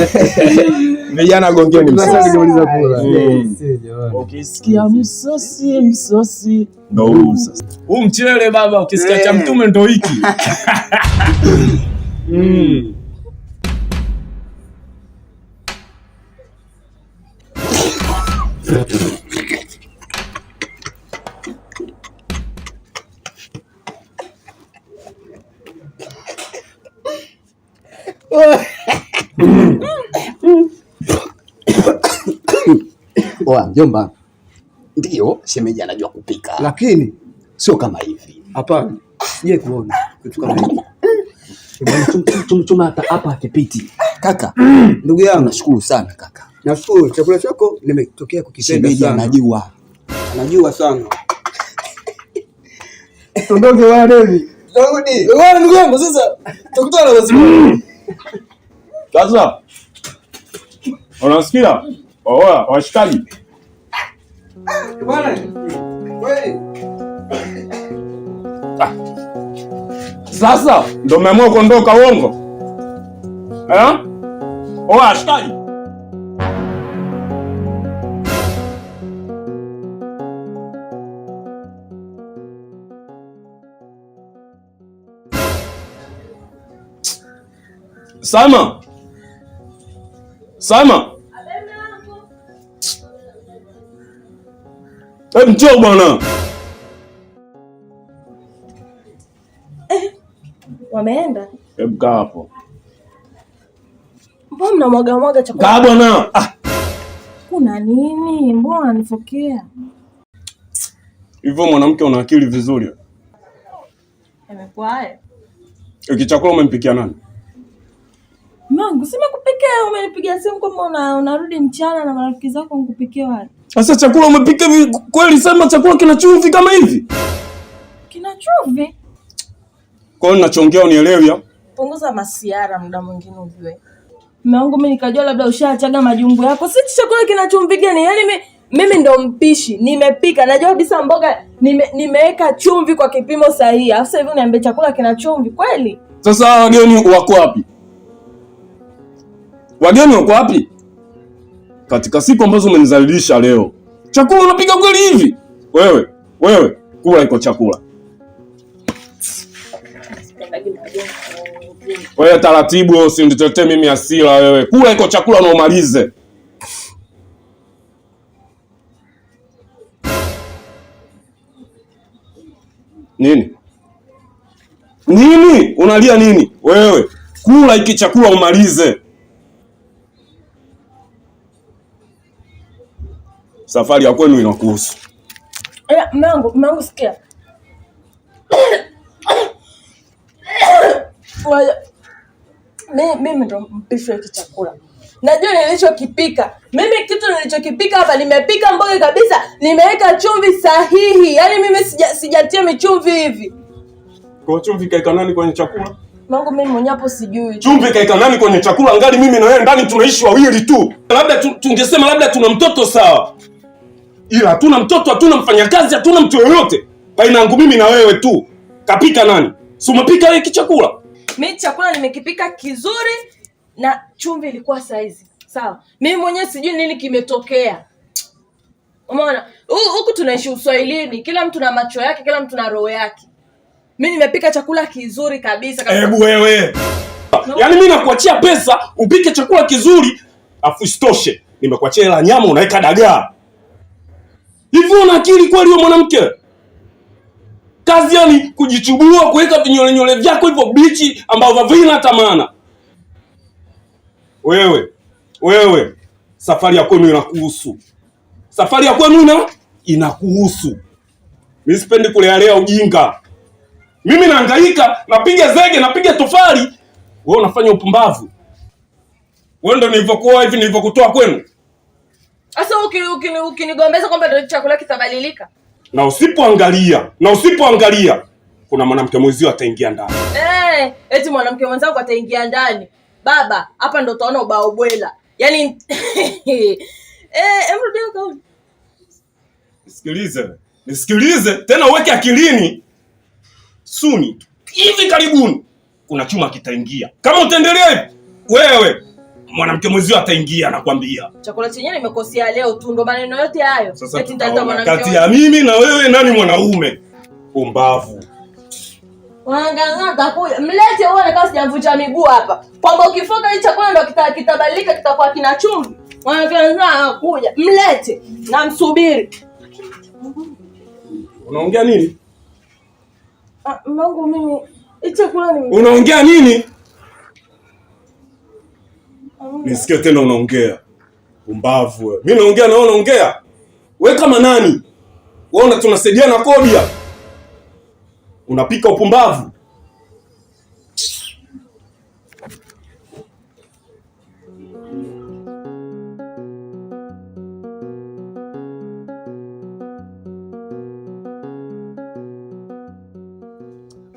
Vijana gongeni, ukisikia msosi msosi ndo huu Huu mchele baba, ukisikia cha mtume ndo hiki. Hmm. poa. Mjomba, ndio shemeji anajua kupika, lakini sio kama hivi. Hapana, Je, kuona kitu kama hivi. Chumchuma hata hapa akipiti kaka. Ndugu yangu, nashukuru sana kaka. Nashukuru chakula chako nimetokea kukipenda sana. Shemeji anajua, anajua sana. Tuondoke Wewe Ndugu yangu, sasa tukutane basi. Sasa unasikia? Oa, washikaji Ah. Sasa ndo umeamua kuondoka uongo eh? Oh, ashikaji Sama. Sama. Hebu eh, njoo bwana. Eh, wameenda? Hebu eh, kaa hapo. Mbona mnamwaga mwaga chakula? Kaa bwana. Ah. Kuna nini? Mbona anifokea? Hivyo mwanamke una akili vizuri. Imekuwa eh, haya. umempikia nani? Mungu, sima kupikia, umenipigia simu kama unarudi mchana na marafiki zako nikupikie wali. Sasa chakula umepika kweli? Sema chakula kina chumvi kama hivi? Kina chumvi? Kwa hiyo nachongea unielewi. Punguza masiara muda mwingine ujue. wangu mimi nikajua labda ushaachaga majumbu yako. Si chakula kina chumvi gani? Yaani mimi mimi ndo mpishi, nimepika, najua kabisa mboga nime, nimeweka chumvi kwa kipimo sahihi. Sasa hivi uniambie chakula kina chumvi kweli? Sasa wageni wako wapi? Wageni wako wapi? katika siku ambazo umenizalilisha leo. Chakula unapiga kweli hivi? Wewe, wewe kula iko chakula. Wewe taratibu, wewe usinitetee mimi asila wewe. Kula iko chakula na umalize. Nini? Nini? Unalia nini? Wewe, kula iki chakula umalize. safari ya kwenu inakuhusu. Mume eh, mangu, sikia mimi ndo mpishi hiki chakula najua nilichokipika mimi. Kitu nilichokipika hapa, nimepika mboga kabisa, nimeweka chumvi sahihi. Yaani mimi sijatia michumvi hivi. Kwa chumvi kaika nani kwenye chakula? Mungu, mimi mwenyewe hapo sijui. Chumvi kaika nani kwenye chakula? Ngali mimi na wewe ndani tunaishi wawili tu, labda tungesema labda tuna mtoto sawa ila hatuna mtoto, hatuna mfanyakazi, hatuna mtu yoyote. Baina yangu mimi na wewe tu. Kapika nani? Si umepika wewe kichakula? Mimi chakula nimekipika kizuri na chumvi ilikuwa saizi sawa. Mimi mwenyewe sijui nini kimetokea. Umeona huku tunaishi Uswahilini, kila mtu na macho yake, kila mtu na roho yake. Mimi nimepika chakula kizuri kabisa kabisa. Hebu wewe no. Yaani mimi nakuachia pesa upike chakula kizuri afu isitoshe nimekuachia hela nyama, unaweka dagaa Hivi una akili kweli wewe mwanamke? Kazi yani kujichubua, kuweka vinyole nyole vyako hivyo bichi ambavyo havina tamana. Wewe, wewe safari ya kwenu inakuhusu. Safari ya kwenu ina inakuhusu. Mimi sipendi kulealea ujinga. Mimi nahangaika, napiga zege, napiga tofali. Wewe unafanya upumbavu. Wewe ndio nilivyokuwa hivi nilivyokutoa kwenu. Sasa ukinigombeza kwamba chakula kitabadilika na usipoangalia na usipoangalia, kuna mwanamke mwenzio ataingia ndani eh, eti mwanamke mwenzangu ataingia ndani. Baba, hapa ndo utaona ubao bwela, yaani eh, emrudi. Nisikilize, nisikilize tena, uweke akilini. Suni hivi karibuni kuna chuma kitaingia kama utaendelea hivi wewe mwanamke mwenzio ataingia, nakwambia chakula chenyewe nimekosea leo tu, ndo maneno yote hayo. Sasa kati ya mimi na wewe nani mwanaume? Pumbavu mlete uone kama sijavunja miguu hapa, kwamba ukifoka hii chakula ndo kitabadilika, kitakuwa kina chumvi. Kuja mlete na msubiri. Unaongea nini? Ah, Mungu mimi, hii chakula ni unaongea nini? nisikie tena unaongea umbavu wewe. Mimi naongea na wewe unaongea. Wewe kama nani? Waona tunasaidia na kodi Unapika upumbavu.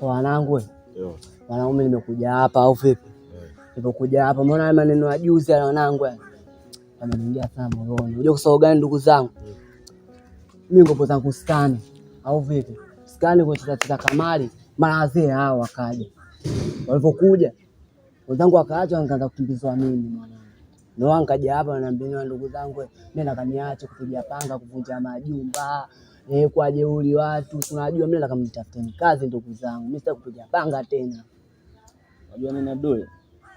Wanangu, wanaume nimekuja hapa au vipi? Nilipokuja hapa mbona maneno ya juzi ya wanangu ameniingia sana moyoni. Unajua kwa gani ndugu zangu? Mimi ngopo zangu stani au vipi? Stani kwa cheza cheza kamari mara wazee hao wakaja. Walipokuja wenzangu wakaacha wakaanza kukimbizwa mimi mwana. Ndio wankaja hapa wananiambia ndugu zangu, mimi nakaniacha kupiga panga kuvunja majumba. Eh, kwa jeuri watu tunajua mimi nataka mnitafuteni kazi ndugu zangu. Mimi sitaki kupiga panga tena. Unajua nina dole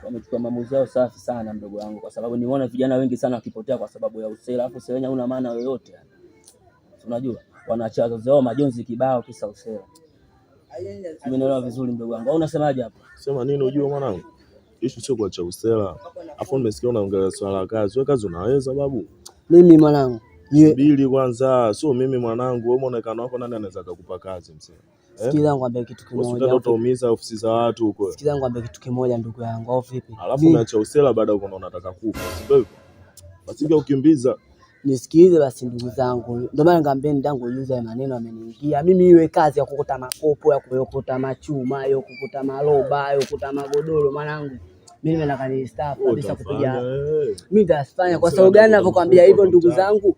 wamechukua maamuzi yao safi sana, mdogo wangu, kwa sababu niona vijana wengi sana wakipotea kwa sababu ya usela. Alafu usela wenyewe una maana yoyote, unajua wanaacha wazazi wao majonzi kibao, kisa usela. Umenielewa vizuri mdogo wangu, au unasemaje hapo? Sema nini? Unajua mwanangu, ishu sio kwa cha usela. Afu nimesikia unaongelea swala la kazi. Wewe kazi unaweza babu? Mimi mwanangu, subiri kwanza, So mimi mwanangu. Wewe muonekano wako nani anaweza kukupa kazi msema Eh? Sikiliza nikwambie kitu kimoja. Usitaka Utaumiza ofisi za watu huko. Sikiliza nikwambie kitu kimoja ndugu yangu au vipi? Alafu unaacha usela baada uko na unataka kufa. Sio hivyo? Basi ukimbiza. Nisikize basi ndugu zangu. Ndio maana nikamwambia ndangu yuza maneno ameniingia. Mimi iwe kazi ya kukuta makopo, ya kukuta machuma, ya kukuta maloba, ya kukuta magodoro mwanangu. Mimi nimeenda staff kabisa kupiga. Eh. Mimi nitafanya kwa sababu gani ninavyokuambia hivyo ndugu zangu?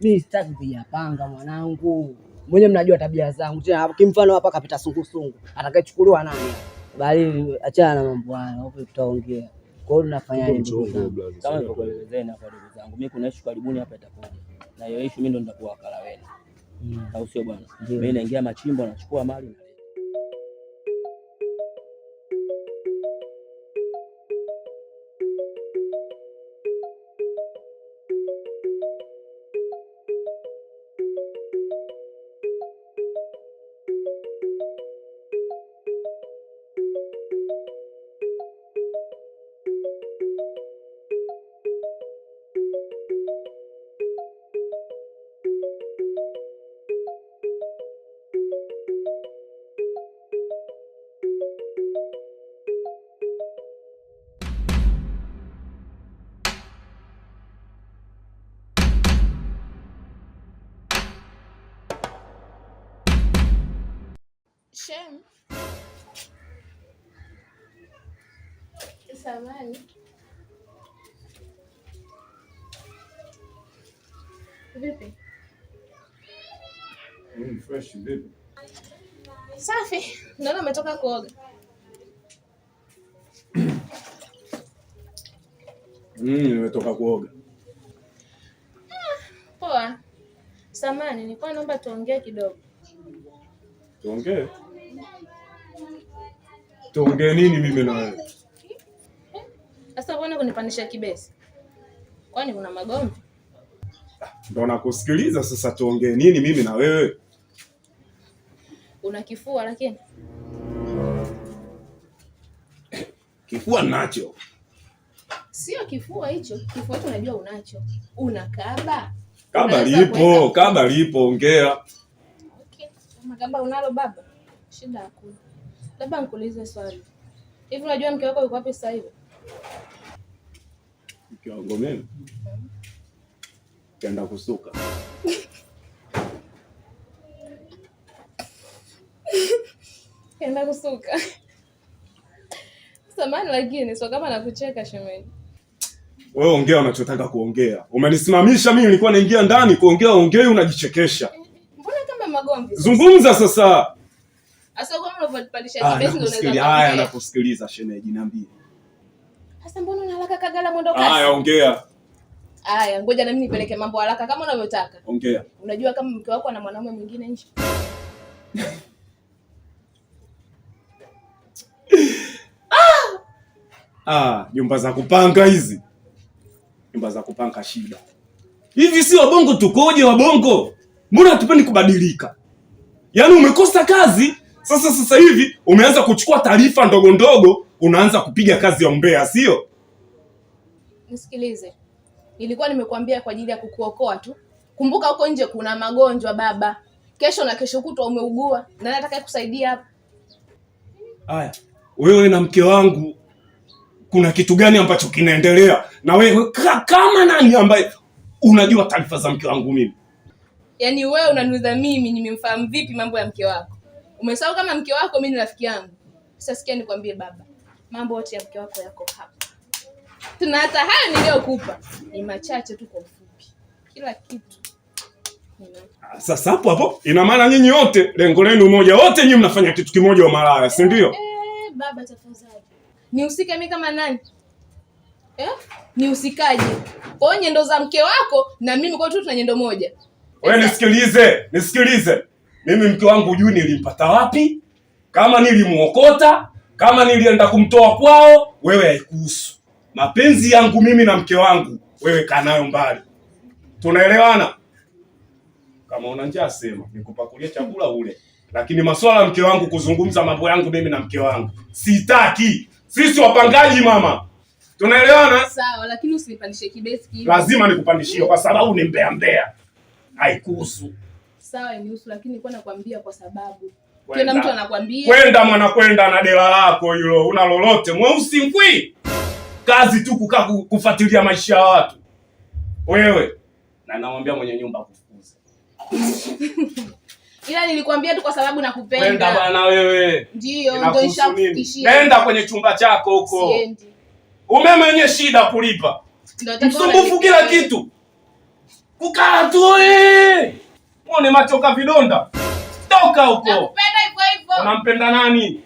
Mimi sitaki kupiga panga mwanangu mwenyewe mnajua tabia zangu tena. Kimfano hapa kapita sungusungu, atakayechukuliwa nani? Bali achana na mambo hayo, tutaongea. Kwa hiyo tunafanya ndugu zangu, mimi kuna issue karibuni hapa itakuja, na hiyo issue mimi ndo nitakuwa wakala wenu, hmm. au sio bwana? Mimi naingia machimbo, nachukua mali Shem samani, vipi? Mm, fresh vipi? Safi. Naona umetoka kuoga. Mm, nimetoka kuoga. Ah, poa. Samani, nilikuwa naomba tuongee kidogo. Tuongee? tuongee nini mimi na wewe? Sasa uone kunipandisha kibesi, kwani kuna magomvi? Ndo nakusikiliza sasa, tuongee nini mimi na wewe? Una kifua lakini. Kifua nacho sio kifua hicho, kifua hicho unajua unacho, una kaba kaba lipo, kaba lipo, ongea. Okay. Kama kaba unalo baba, shida hakuna. Labda nikuulize swali. Hivi unajua mke wako yuko wapi sasa hivi? Mke wangu mimi kaenda kusuka. Kaenda kusuka. Samani lakini sio kama nakucheka shemeji. Wewe ongea unachotaka kuongea. Umenisimamisha mimi nilikuwa naingia ndani kuongea, ongea unajichekesha. Mbona kama magomvi? Zungumza sasa. Ah, Haya, nakusikiliza shemeji, niambie. Sasa mbona una haraka Kagala mwendo kasi? Haya, ongea. Haya, ngoja na mimi nipeleke mambo haraka kama unavyotaka. Ongea. Unajua kama mke wako ana mwanaume mwingine nje? Ah, nyumba za kupanga hizi, nyumba za kupanga shida hivi. Si wabongo tukoje? Wabongo mbona hatupendi kubadilika? Yaani umekosa kazi sasa sasa hivi umeanza kuchukua taarifa ndogo ndogo, unaanza kupiga kazi ya umbea, sio? Nisikilize, nilikuwa nimekuambia kwa ajili ya kukuokoa tu. Kumbuka huko nje kuna magonjwa baba, kesho na kesho kutwa umeugua, na nataka kusaidia hapa. Haya, wewe na mke wangu kuna kitu gani ambacho kinaendelea? Na wewe kama nani ambaye unajua taarifa za mke wangu mimi? Yaani wewe unaniuliza mimi nimemfahamu vipi mambo ya mke wako? Umesahau kama mke wako mimi ni rafiki yangu. Sasa sikia nikwambie baba, mambo yote ya mke wako yako hapa. Tuna hata hayo niliyokupa ni machache tu, kwa ufupi, kila kitu sasa hapo hapo, ina maana nyinyi wote lengo lenu moja, wote nyinyi mnafanya kitu kimoja, wa malaya si ndio? Eh, baba tafadhali, nihusike mimi kama nani eh? Nihusikaje? Kwa nyendo za mke wako na mimi, kwa tu tuna nyendo moja. Wewe nisikilize, nisikilize mimi mke wangu hujui nilimpata wapi, kama nilimuokota, kama nilienda kumtoa kwao, wewe haikuhusu. Mapenzi yangu mimi na mke wangu, wewe kaa nayo mbali. Tunaelewana? Kama una njaa sema, nikupakulie chakula ule, lakini masuala ya mke wangu kuzungumza mambo yangu mimi na mke wangu sitaki. Sisi wapangaji mama, tunaelewana? Sawa, lakini usinipandishe kibesi. Lazima nikupandishie kwa sababu ni mbea mbea, haikuhusu sawa inihusu, lakini nilikuwa nakwambia kwa sababu kila mtu anakwambia kwenda mwana kwenda na dela lako hilo, una lolote mweusi mkwi, kazi tu kukaa kufuatilia maisha ya watu wewe, na namwambia mwenye nyumba kufukuza ila nilikwambia tu kwa sababu nakupenda. Kwenda bwana wewe. Ndio, ndio nishakufikishia. Nenda kwenye chumba chako huko. Umeme wenye shida kulipa. Ndio, Msumbufu kila kitu. Kukaa tu wewe. Eh! Mwone macho kavidonda. Toka huko. hivyo hivyo. Unampenda nani?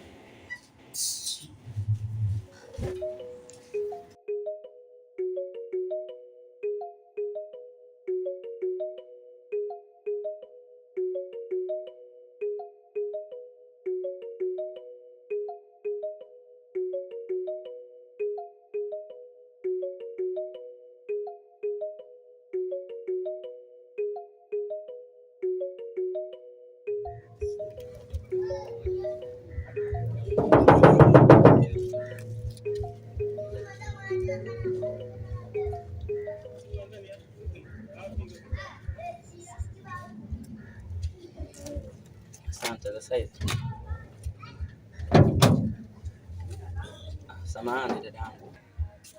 Samahani dadangu,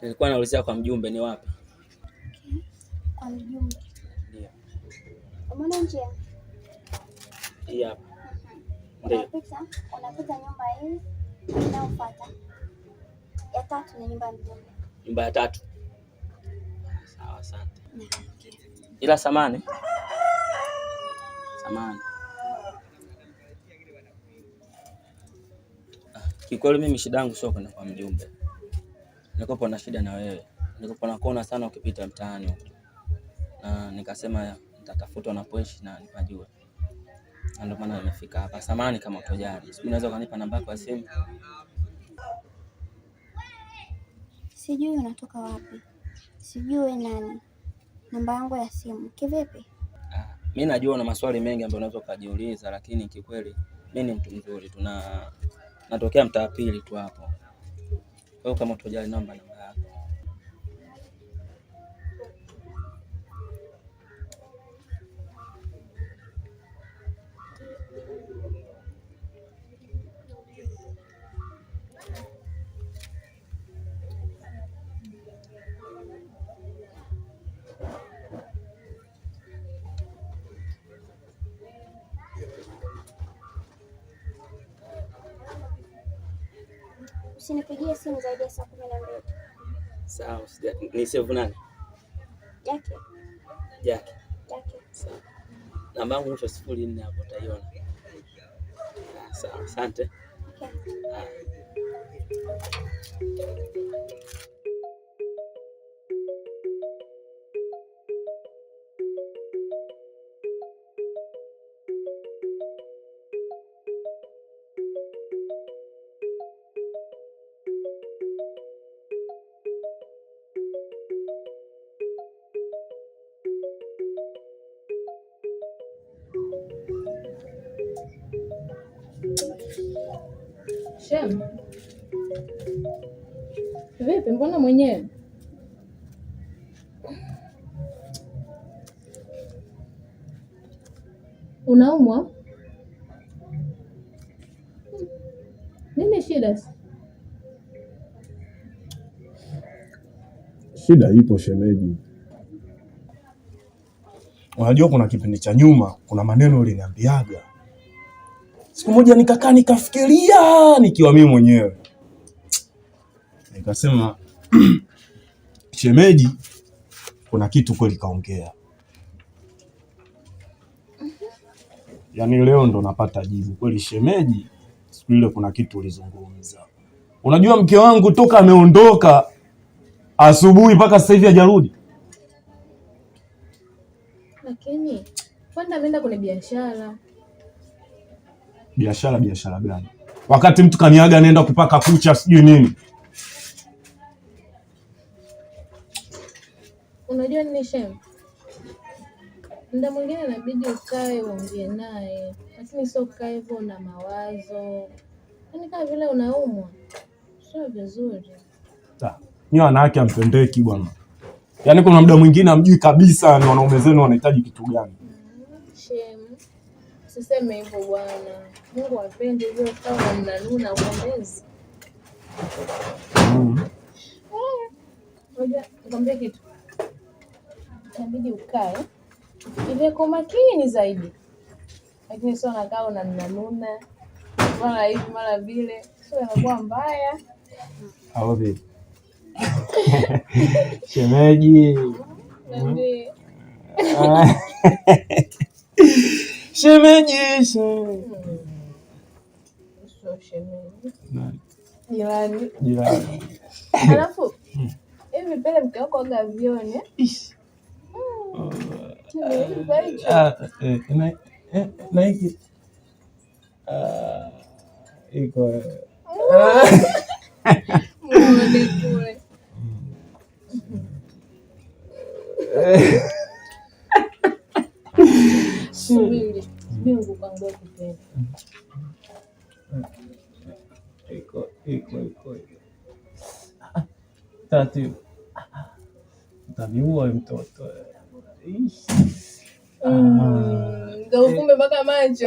nilikuwa naulizia kwa mjumbe ni wapi? Kwa mjumbe ndio umeona njia Ndio. hapa, unapita nyumba hii Inayofuata ya tatu ni nyumba ya mjomba. Nyumba ya tatu. Sawa, asante. Ila samani, samani, ah, kikweli mimi shida yangu sio kwenda kwa mjumbe, nilikuwa na shida na wewe, nilikuwa nakuona sana ukipita mtaani na nikasema nitatafuta unapoishi na nipajue ndio maana nimefika hapa. Samani kama utojali, sijui unaweza ukanipa namba yako ya simu? Sijui unatoka wapi, sijui we nani. Namba yangu ya simu kivipi? Ah, mi najua una maswali mengi ambayo unaweza ukajiuliza, lakini kikweli mi ni mtu mzuri, tuna natokea mtaa pili tu hapo. Kwa hiyo kama utojali namba Usinipigie simu zaidi ya saa kumi na mbili. Sawa, ni save nani? Jackie. Jackie. Jackie. Sawa. Namba yangu mwisho sifuri nne hapo utaiona. Sawa, asante. Okay. Shem, vipi? Mbona mwenyewe? Unaumwa nini? Shida shida ipo shemeji. Unajua, kuna kipindi cha nyuma kuna maneno uliniambiaga Siku moja nikakaa nikafikiria, nikiwa mimi mwenyewe nikasema, shemeji, kuna kitu kweli kaongea. Mm-hmm. Yaani leo ndo napata jibu kweli, shemeji, siku ile kuna kitu ulizungumza. Unajua mke wangu toka ameondoka asubuhi mpaka sasa hivi hajarudi. Lakini kwani ameenda kwenye biashara biashara biashara gani? Wakati mtu kaniaga naenda kupaka kucha sijui nini. Unajua nini shem, muda mwingine inabidi ukae uongee naye, lakini sio ukae hivyo na mawazo, yaani kama vile unaumwa, sio vizuri. Ni wanawake ampendeki bwana, yaani kuna muda mwingine amjui kabisa wanaume zenu wanahitaji kitu gani. Mm, shem, usiseme hivyo bwana. Mungu hapendi uliokaa mnanuna mwezi. Mm. Ngoja nikwambie kitu, itabidi ukae ile kwa makini zaidi, lakini sio nakaa unanunanuna mara hivi mara vile, sio inakuwa mbaya au vipi? Mm. Shemeji, shemeji, shemeji Jirani. Jirani. Alafu hivi pele mke wako aga vione na hiki iko mtoto kumbe mpaka macho